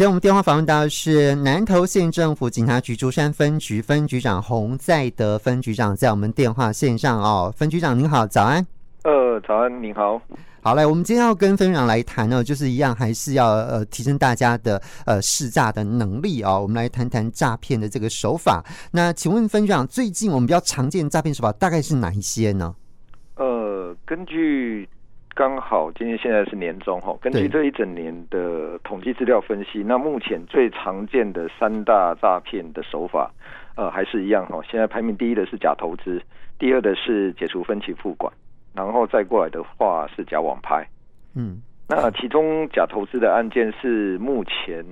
今天我們電話訪問到的是南投縣政府警察局竹山分局分局,分局長洪再德分局長，在我們電話線上哦，分局長您好，早安。呃，早安，您好。好嘞，我們今天要跟分局長來談呢、哦，就是一樣還是要呃提升大家的呃識詐的能力哦。我們來談談詐騙的這個手法。那請問分局長，最近我們比較常見的詐騙手法大概是哪一些呢？呃，根據。剛好今天現在是年終齁，根據這一整年的統計資料分析，那目前最常見的三大詐騙的手法，呃，還是一樣齁。現在排名第一的是假投資，第二的是解除分期付款，然後再過來的話是假網拍。嗯，那其中假投資的案件是目前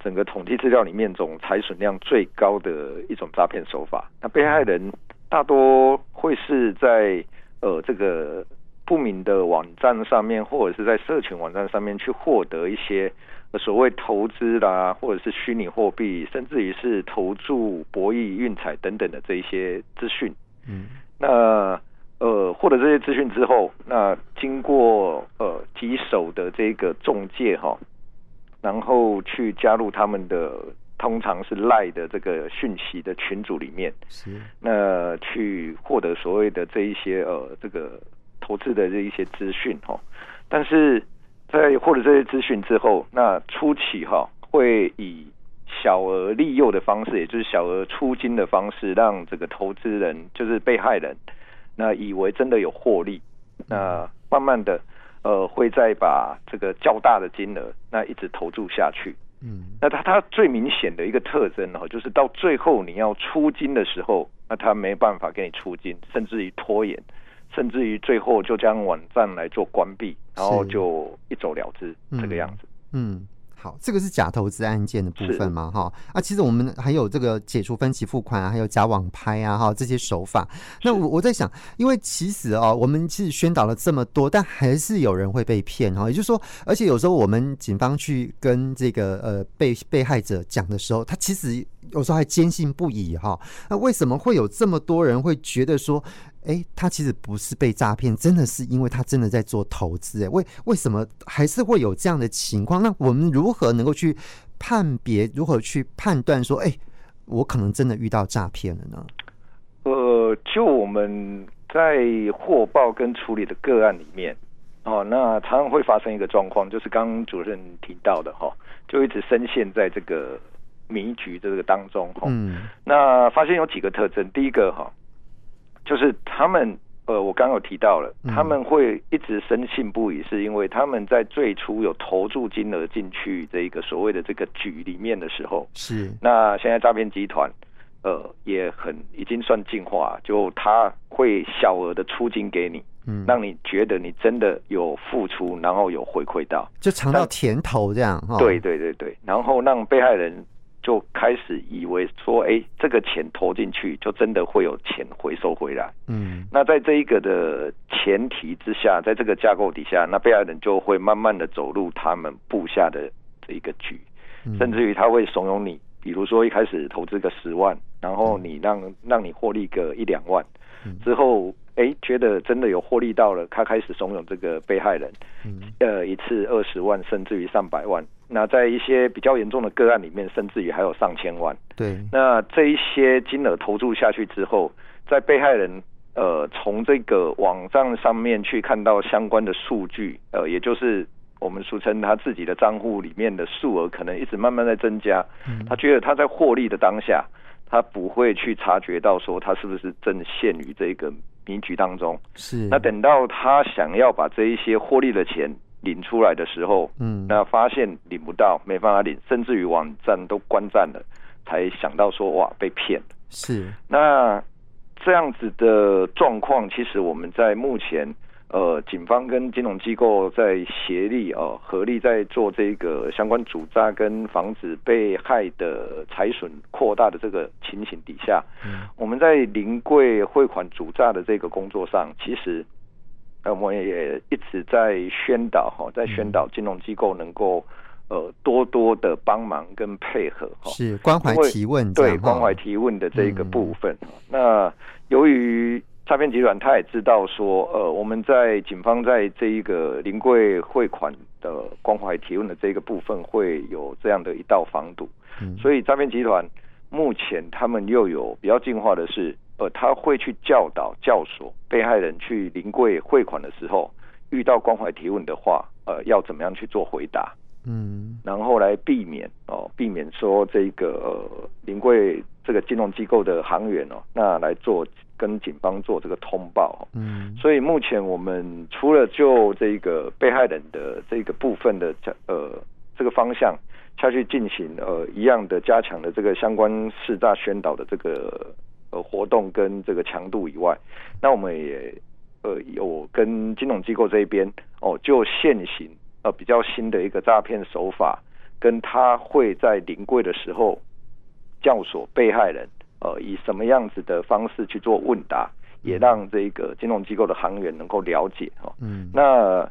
整個統計資料裡面總財損量最高的一種詐騙手法。那被害人大多會是在，呃，這個。不明的網站上面，或者是在社群網站上面去獲得一些所謂投資啦，或者是虛擬貨幣，甚至於是投注、博弈、運彩等等的這一些資訊。嗯，那呃獲得這些資訊之後，那經過呃幾手的這個中介哈，然後去加入他們的通常是 LINE 的這個訊息的群組裡面，是那去獲得所謂的這一些呃這個。投資的這一些資訊哈，但是在獲得這些資訊之後，那初期哈會以小額利誘的方式，也就是小額出金的方式，讓這個投資人就是被害人，那以為真的有獲利，那慢慢的呃會再把這個較大的金額那一直投注下去。嗯，那它它最明顯的一個特徵哈，就是到最後你要出金的時候，那他沒辦法給你出金，甚至於拖延。甚至於最後就將網站來做關閉，然後就一走了之，嗯，這個樣子。嗯，好，這個是假投資案件的部分嘛，哈啊，其實我們還有這個解除分期付款，啊，還有假網拍啊，哈這些手法。那我我在想，因為其實啊，哦，我們其實宣導了這麼多，但還是有人會被騙，哈，也就是說，而且有時候我們警方去跟這個呃被被害者講的時候，他其實有時候還堅信不疑，哈，啊。那為什麼會有這麼多人會覺得說，哎、欸，他其實不是被詐騙，真的是因為他真的在做投資。哎，為為什麼還是會有這樣的情況？那我們如何能夠去判別？如何去判斷說，哎、欸，我可能真的遇到詐騙了呢？呃，就我們在獲報跟處理的個案裡面，哦，那常常會發生一個狀況，就是剛主任提到的哈，就一直深陷，陷在這個迷局的這個當中。嗯，那發現有幾個特徵，第一個哈。就是他們，呃，我剛剛有提到了，他們會一直深信不疑，是因為他們在最初有投注金額進去這一個所謂的這個局裡面的時候，是。那現在詐騙集團，呃，也很，已經算進化，就他會小額的出金給你，嗯，讓你覺得你真的有付出，然後有回饋到，就嘗到甜頭這樣，哈、哦。對對對對，然後讓被害人。就開始以為說，哎、欸，這個錢投進去就真的會有錢回收回來。嗯，那在這一個的前提之下，在這個架構底下，那被害人就會慢慢的走入他們布下的這一個局，嗯、甚至於他會慫恿你，比如說一開始投資個十萬，然後你讓、嗯、讓你獲利個一兩萬，之後。哎、欸，覺得真的有獲利到了，他開始慫恿這個被害人，嗯、呃，一次二十萬，甚至於上百萬。那在一些比較嚴重的個案裡面，甚至於還有上千萬。對，那這一些金額投注下去之後，在被害人呃從這個網站上面去看到相關的數據，呃，也就是我們俗稱他自己的賬戶裡面的數額，可能一直慢慢在增加。嗯，他覺得他在獲利的當下，他不會去察覺到說他是不是正陷於這個。局當中，是，那等到他想要把這一些獲利的錢領出來的時候，嗯，那發現領不到，沒辦法領，甚至於網站都關站了，才想到說，哇，被騙。是，那這樣子的狀況，其實我們在目前。呃，警方跟金融機構在協力哦，合力在做這個相關阻詐跟防止被害的財損擴大的這個情形底下，嗯，我們在臨櫃匯款阻詐的這個工作上，其實呃，我們也一直在宣導哈、哦，在宣導金融機構能夠、呃、多多的幫忙跟配合、哦、是關懷提問的對關懷提問的這個部分。嗯、那由於詐騙集團他也知道說，呃，我們在警方在這一個臨櫃匯款的關懷提問的這一個部分會有這樣的一道防堵，嗯，所以詐騙集團目前他們又有比較進化的是，呃，他會去教導教唆被害人去臨櫃匯款的時候，遇到關懷提問的話，呃，要怎麼樣去做回答，嗯，然後來避免哦、呃，避免說這個臨櫃、呃、這個金融機構的行員哦、呃，那來做。跟警方做這個通報，嗯，所以目前我們除了就這個被害人的這個部分的這呃這個方向下去進行呃一樣的加強的這個相關識詐宣導的這個呃活動跟這個強度以外，那我們也呃有跟金融機構這邊哦，呃，就現行呃比較新的一個詐騙手法，跟他會在臨櫃的時候教唆被害人。呃，以什麼樣子的方式去做問答，也讓這個金融機構的行員能夠了解哦。嗯，那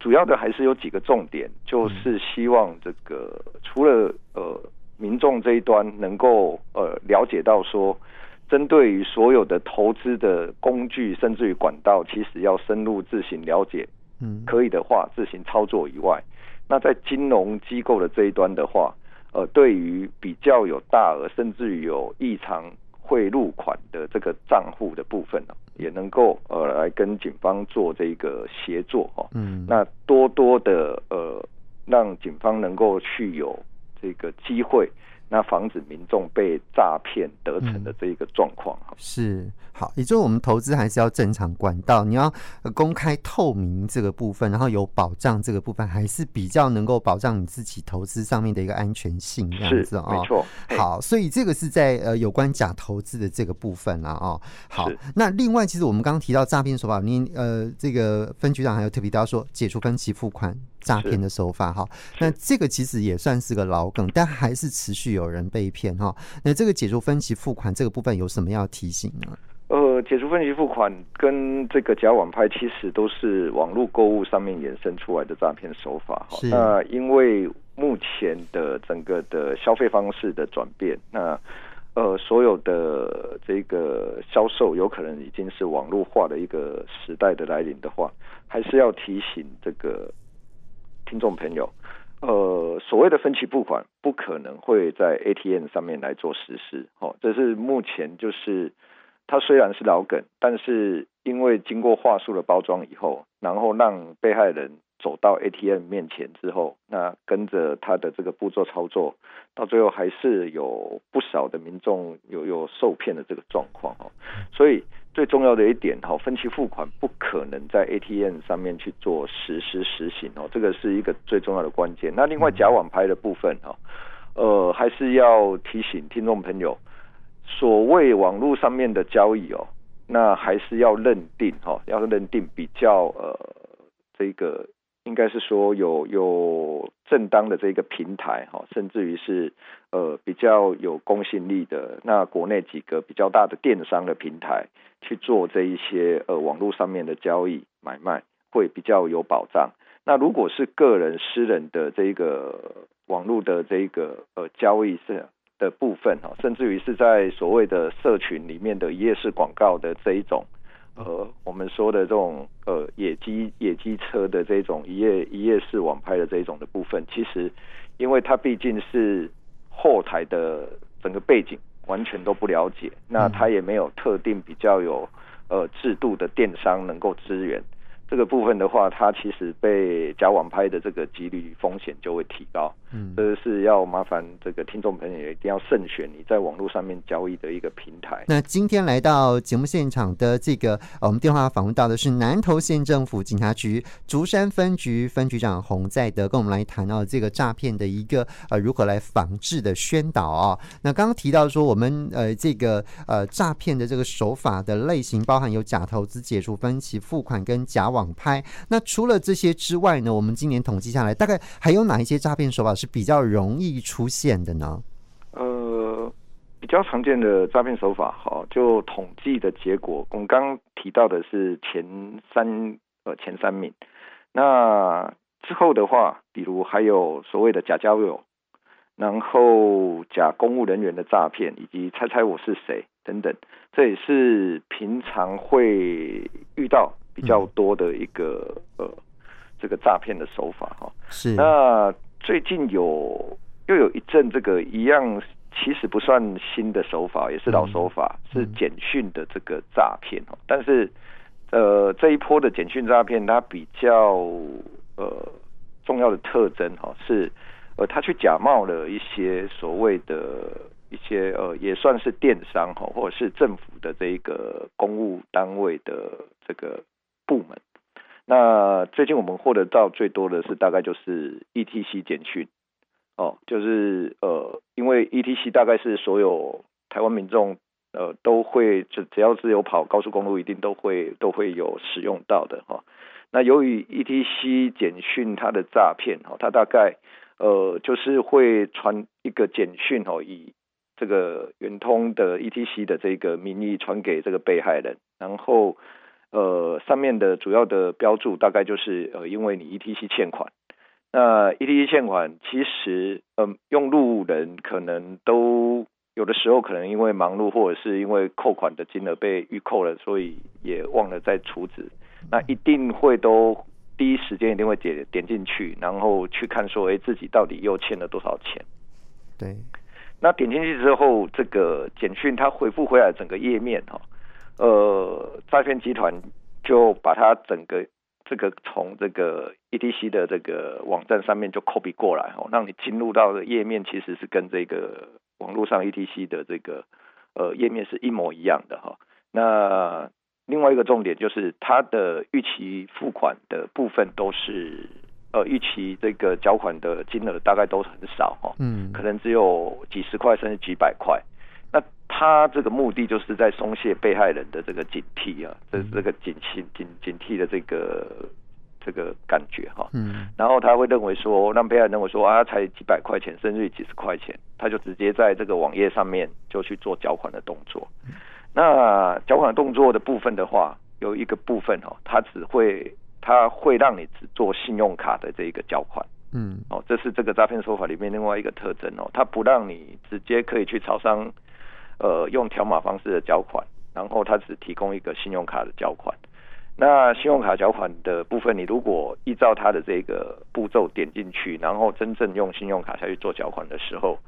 主要的還是有幾個重點，就是希望這個除了呃民眾這一端能夠呃了解到說，針對於所有的投資的工具甚至於管道，其實要深入自行了解，可以的話自行操作以外，那在金融機構的這一端的話。呃，對於比較有大額甚至有異常匯入款的這個賬戶的部分呢，啊，也能夠呃來跟警方做這個協作，啊、嗯，那多多的呃，讓警方能夠去有這個機會。那防止民眾被詐騙得逞的這一個狀況、嗯，是好，也就是我們投資還是要正常管道，你要公開透明這個部分，然後有保障這個部分，還是比較能夠保障你自己投資上面的一個安全性，這樣子啊，沒錯、哦。好，所以這個是在呃有關假投資的這個部分了啊。哦、好，那另外其實我們剛剛提到詐騙手法，您呃這個分局長還有特別要說，解除分期付款。詐騙的手法哈，那這個其實也算是個老梗，但還是持續有人被騙哈。那這個解除分期付款這個部分有什麼要提醒呢？呃，解除分期付款跟這個假網拍其實都是網絡購物上面衍生出來的詐騙手法。哈，那、呃、因為目前的整個的消費方式的轉變，那呃，所有的這個銷售有可能已經是網絡化的一個時代的來臨的話，還是要提醒這個。聽眾朋友，呃，所謂的分期付款不可能會在 ATM 上面來做實施，哦，這是目前就是它雖然是老梗，但是因為經過話術的包裝以後，然後讓被害人。走到 ATM 面前之後，那跟着他的這個步驟操作，到最後還是有不少的民眾有有受騙的這個狀況哦。所以最重要的一點，分期付款不可能在 ATM 上面去做實施實行哦，這個是一個最重要的關鍵。那另外假網拍的部分，呃，還是要提醒聽眾朋友，所謂網絡上面的交易哦，那還是要認定，要認定比較呃這個。應該是說有有正當的這個平台哈，甚至於是呃比較有公信力的那國內幾個比較大的電商的平台去做這一些呃網絡上面的交易買賣會比較有保障。那如果是個人私人的這個網絡的這個呃交易的的部分哈，甚至於是在所謂的社群裡面的一頁式廣告的這一種。呃，我們說的這種呃野雞野雞車的這種一頁一頁式網拍的這種的部分，其實因為它畢竟是後台的整個背景完全都不了解，那它也沒有特定比較有呃制度的電商能夠支援。這個部分的話，它其實被假網拍的這個幾率風險就會提高，嗯，這是要麻煩這個聽眾朋友一定要慎選你在網絡上面交易的一個平台。那今天來到節目現場的這個我們電話訪問到的是南投縣政府警察局竹山分局分局長洪再德，跟我們來談到這個詐騙的一個呃如何來防治的宣導啊、哦。那剛剛提到說我們呃這個呃詐騙的這個手法的類型，包含有假投資、解除分期付款跟假網網拍，那除了這些之外呢？我們今年統計下來，大概還有哪一些詐騙手法是比較容易出現的呢？呃，比較常見的詐騙手法，好、哦，就統計的結果，我們剛提到的是前三呃前三名。那之後的話，比如還有所謂的假交友，然後假公務人員的詐騙，以及猜猜我是誰等等，這也是平常會遇到。比較多的一個、嗯、呃，這個詐騙的手法哈，是。那最近有又有一陣這個一樣，其實不算新的手法，也是老手法，嗯、是簡訊的這個詐騙哦。但是呃，這一波的簡訊詐騙，它比較呃重要的特徵哈是呃，它去假冒了一些所謂的一些呃，也算是電商哈，或者是政府的這一個公務單位的這個。部門，那最近我們獲得到最多的是，大概就是 ETC 簡訊，哦，就是呃，因為 ETC 大概是所有台灣民眾呃都會只只要是有跑高速公路，一定都會都會有使用到的哈、哦。那由於 ETC 簡訊它的詐騙，哦，它大概呃就是會傳一個簡訊哦，以這個遠通的 ETC 的這個名義傳給這個被害人，然後。呃，上面的主要的標註大概就是，呃，因為你 ETC 欠款，那 ETC 欠款其實，呃，用路人可能都有的時候可能因為忙碌或者是因為扣款的金額被預扣了，所以也忘了再儲值。那一定會都第一時間一定會點點進去，然後去看說，誒、欸，自己到底又欠了多少錢？對。那點進去之後，這個簡訊它回復回來整個頁面哈、哦。呃，詐騙集團就把它整個這個從這個 E T C 的這個網站上面就 copy 過來，哦，讓你進入到的頁面其實是跟這個網絡上 E T C 的這個呃頁面是一模一樣的、哦，哈。那另外一個重點就是它的逾期付款的部分都是，呃，逾期這個繳款的金額大概都很少、哦，哈，嗯，可能只有幾十塊甚至幾百塊。他這個目的就是在鬆懈被害人的這個警惕啊，嗯、這是這個警心警警惕的這個這個感覺哈、啊。嗯。然後他會認為說，讓被害人認為說啊，才幾百塊錢，甚至於幾十塊錢，他就直接在這個網頁上面就去做繳款的動作。嗯、那繳款動作的部分的話，有一個部分哦，他只會他會讓你只做信用卡的這個繳款。嗯。哦，這是這個詐騙手法裡面另外一個特徵哦，他不讓你直接可以去超商。呃，用條碼方式的繳款，然後他只提供一個信用卡的繳款。那信用卡繳款的部分，你如果依照他的這個步驟點進去，然後真正用信用卡下去做繳款的時候，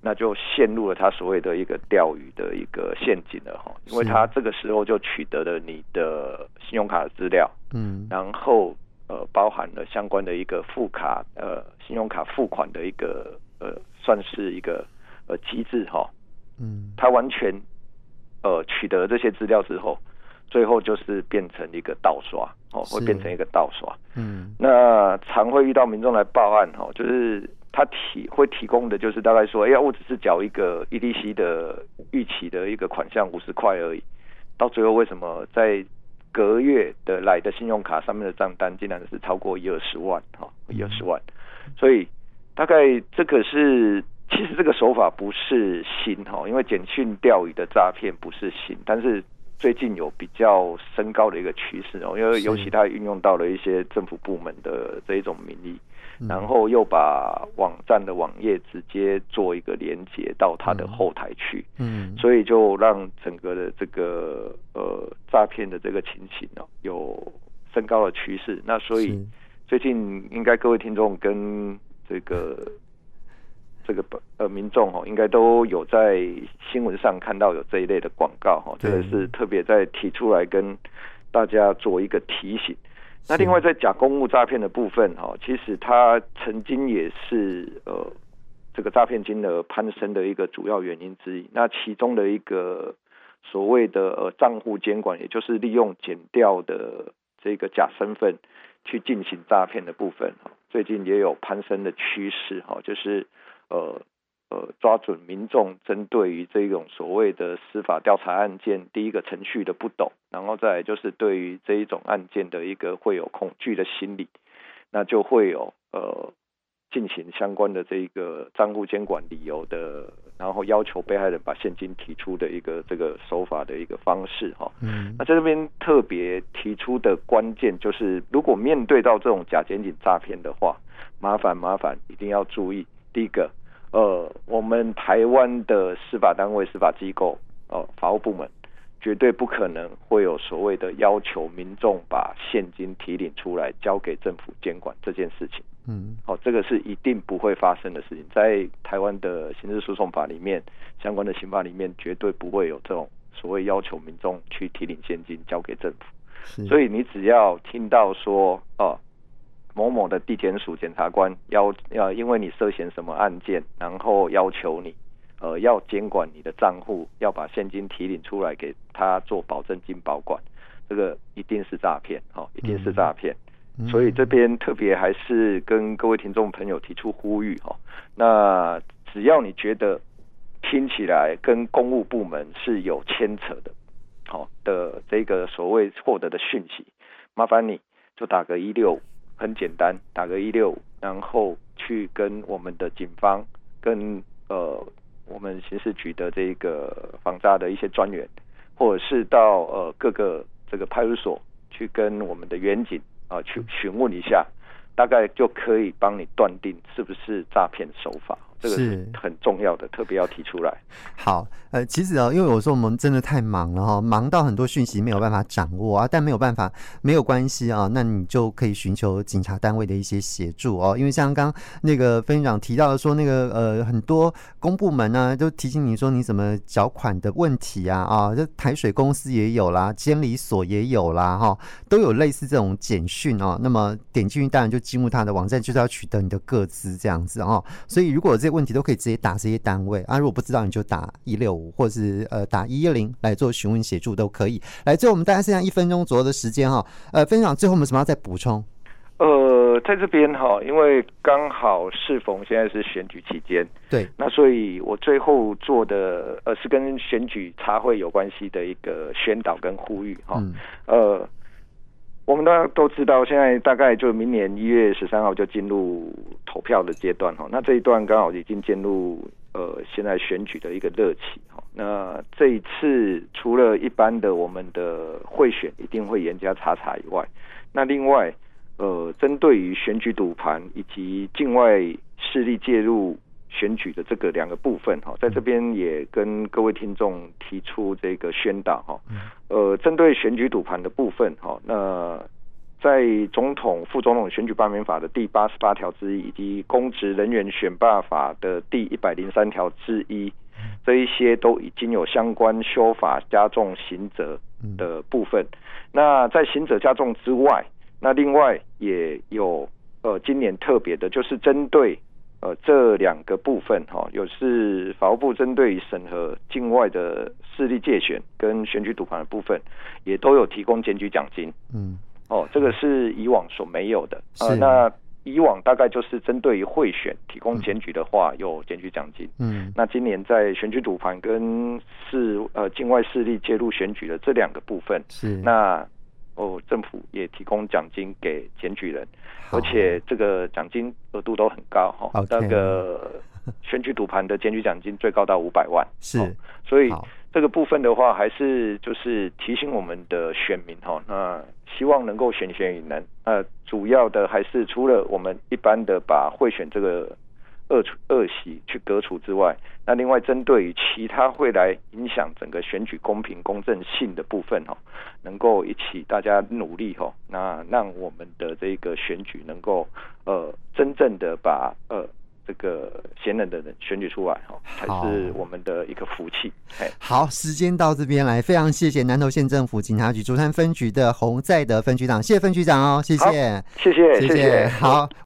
那就陷入了他所謂的一個釣魚的一個陷阱了哈。因為他這個時候就取得了你的信用卡的資料，嗯，然後，呃，包含了相關的一個付卡呃信用卡付款的一個呃算是一個呃機制哈。呃嗯，他完全，呃，取得這些資料之後，最後就是變成一個盜刷哦，會變成一個盜刷。嗯，那常會遇到民眾來報案哈，就是他提會提供的就是大概說，哎呀，我只是繳一個 EDC 的預期的一個款項五十塊而已，到最後為什麼在隔月的來的信用卡上面的賬單竟然是超過一二十萬哈，一二十萬，嗯，所以大概這個是。其實這個手法不是新哈，因為簡訊釣魚的詐騙不是新，但是最近有比較升高的一個趨勢哦，因為尤其他運用到了一些政府部門的這一種名義，然後又把網站的網頁直接做一個連結到他的後台去，嗯，所以就讓整個的這個呃詐騙的這個情形呢有升高的趨勢。那所以最近應該各位聽眾跟這個。這個呃，民眾哦，應該都有在新聞上看到有這一類的廣告哈，哦。這個是特別在提出來跟大家做一個提醒。那另外在假公務詐騙的部分，哦，其實它曾經也是呃，這個詐騙金額攀升的一個主要原因之一。那其中的一個所謂的呃賬戶監管，也就是利用檢調的這個假身份去進行詐騙的部分，哦，最近也有攀升的趨勢哈，哦，就是。呃呃，抓準民眾針對於這種所謂的司法調查案件，第一個程序的不懂，然後再就是對於這一種案件的一個會有恐懼的心理，那就會有呃進行相關的這一個賬戶監管理由的，然後要求被害人把現金提出的一個這個手法的一個方式哈，嗯，那在這邊特別提出的關鍵就是，如果面對到這種假檢警詐騙的話，麻煩麻煩一定要注意。第一個，呃，我們台灣的司法單位、司法機構，哦、呃，法務部門，絕對不可能會有所謂的要求民眾把現金提領出來交給政府監管這件事情。嗯，好，這個是一定不會發生的事情。在台灣的刑事訴訟法裡面，相關的刑法裡面，絕對不會有這種所謂要求民眾去提領現金交給政府。所以你只要聽到說，哦、呃。某某的地檢署檢察官要要，因為你涉嫌什麼案件，然後要求你，呃，要監管你的賬戶，要把現金提領出來給他做保證金保管，這個一定是詐騙，哦，一定是詐騙。嗯。所以這邊特別還是跟各位聽眾朋友提出呼籲，哦，那只要你覺得聽起來跟公務部門是有牽扯的，哦，的這個所謂獲得的訊息，麻煩你就打個一六。很簡單，打個一六五，然後去跟我們的警方，跟呃我們刑事局的這個防詐的一些專員，或者是到呃各個這個派出所去跟我們的員警啊、呃、去詢問一下，大概就可以幫你斷定是不是詐騙手法。這個是很重要的，特別要提出來。好，呃，其實啊、哦，因為我說我們真的太忙了哈、哦，忙到很多訊息沒有辦法掌握啊，但沒有辦法，沒有關係啊，那你就可以尋求警察單位的一些協助哦，因為像剛那個分局長提到的說，那個呃，很多公部門呢、啊，就提醒你說你怎麼繳款的問題啊，啊，這台水公司也有啦，監理所也有啦，哈、哦，都有類似這種簡訊啊、哦，那麼點進去，當然就進入他的網站，就是要取得你的個資這樣子哦。所以如果這個問題都可以直接打這些單位啊，如果不知道你就打一六五，或是呃打一一零來做詢問協助都可以。來，最後我們大概剩下一分鐘左右的時間哈，呃，分享最後我們怎麼樣再補充？呃，在這邊哈，因為剛好適逢現在是選舉期間，對，那所以我最後做的呃是跟選舉茶會有關係的一個宣導跟呼籲哈，呃。嗯我們大家都知道，現在大概就明年一月十三號就進入投票的階段哈。那這一段剛好已經進入呃現在選舉的一個熱期哈。那這一次除了一般的我們的賄選一定會嚴加查查，以外，那另外呃針對於選舉賭盤以及境外勢力介入。選舉的這個兩個部分哈，在這邊也跟各位聽眾提出這個宣導哈。呃，針對選舉賭盤的部分哈，那、呃、在總統、副總統選舉罷免法的第八十八條之一，以及公職人員選罷法的第一百零三條之一，這一些都已經有相關修法，加重刑責的部分。那在刑責加重之外，那另外也有呃，今年特別的就是針對。呃，這兩個部分哈，有、哦、是法務部針對於審核境外的勢力介選跟選舉賭盤的部分，也都有提供檢舉獎金。嗯，哦，這個是以往所沒有的。呃，那以往大概就是針對於賄選提供檢舉的話、嗯，有檢舉獎金。嗯。那今年在選舉賭盤跟勢呃境外勢力介入選舉的這兩個部分，是。那。哦，政府也提供獎金給檢舉人，而且這個獎金額度都很高哈。Okay. 那個選舉賭盤的檢舉獎金最高到五百萬，是、哦。所以這個部分的話，還是就是提醒我們的選民哈，那、呃、希望能夠選賢與能。那、呃、主要的還是除了我們一般的把賄選這個。二除惡習去革除之外，那另外針對於其他會來影響整個選舉公平公正性的部分哈，能夠一起大家努力哈，那讓我們的這個選舉能夠呃真正的把呃這個賢能的人選舉出來哈，才是我們的一個福氣好。好，時間到這邊來，非常謝謝南投縣政府警察局竹山分局的洪再德分局長，謝謝分局長哦，謝謝，謝謝，謝謝，謝謝好。